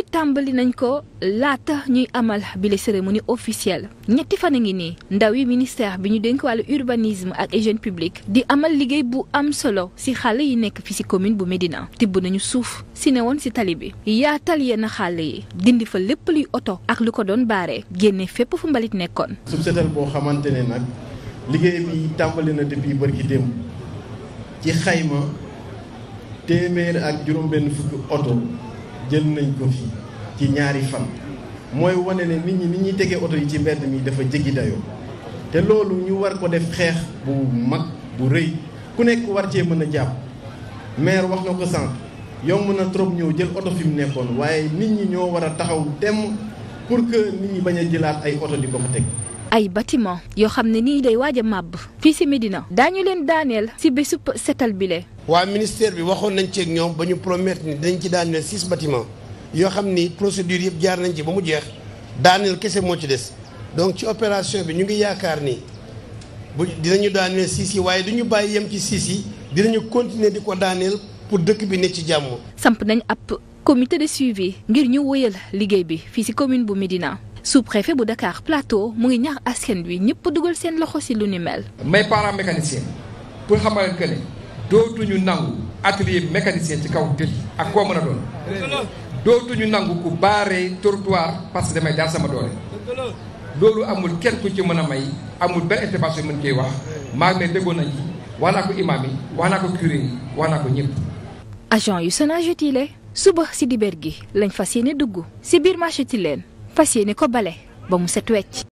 bi tàmbali nañ ko laata ñuy amal bi la cérémonie officielle ñetti fan a ngi nii ndaw yi ministère bi ñu dénk wàllu urbanisme ak hygiène publique di amal liggéey bu am solo ci xale yi nekk fi ci commune bu Médina tibb nañu suuf ci ne woon ci tali bi yaatal yenn xale yi dindi fa lépp luy oto ak lu ko doon baaree génne fépp fu mbalit nekkoon. suuf boo xamante ne nag liggéey bi tàmbali na depuis barki démb ci xayma téeméer ak juróom-benn fukki oto. jël nañ ko fi ci ñaari fan mooy wane ne nit ñi nit ñuy tegee oto yi ci mbedd mi dafa jéggi dayoo te loolu ñu war ko def xeex bu mag bu rëy ku nekk war cee mën a jàpp maire wax na ko sànq yomb na trop ñëw jël oto fi mu nekkoon waaye nit ñi ñoo war a taxaw dem pour que nit ñi bañ a jëlaat ay oto di ko fa teg ay bâtiment yoo xam ne nii day waaj a màbb fii si Médina daañu leen daaneel si bésub setal bile. waa ministère bi waxoon nañ ceeg ñoom ba ñu promettre ni dañ ci daaneel six bâtiment yoo xam ni procédure yëpp jaar nañ ci ba mu jeex daaneel kese moo ci des donc ci opération bi ñu ngi yaakaar ni bu dinañu daaneel siis yi waaye du ñu bàyyi yem ci siis yi dinañu continuer di ko daaneel pour dëkk bi ne ci jàmm. samp nañ ab comité de suivi ngir ñu wëyal liggéey bi fii si commune bu Médina. su préfet bu Dakar Plateau mu ngi ñaax askan wi ñëpp dugal seen loxo ci lu ni mel. may parents mécaniciens pour xamal que ne dootuñu nangu atelier mécanicien ci kaw tëli ak koo mën a doon dootuñu nangu ku baaree trottoir parce que damay daal sama doole loolu amul kenn ku ci mën a may amul benn intervention mën koy wax maa ngi ne déggoon nañ ci wax naa ko imaam yi wax naa ko curé yi wax naa ko ñëpp. agent yu Sonaged yi suba si dibeer gi lañ fas yéene dugg ci biir marché Tilène fas ni ko bale ba mu set wecc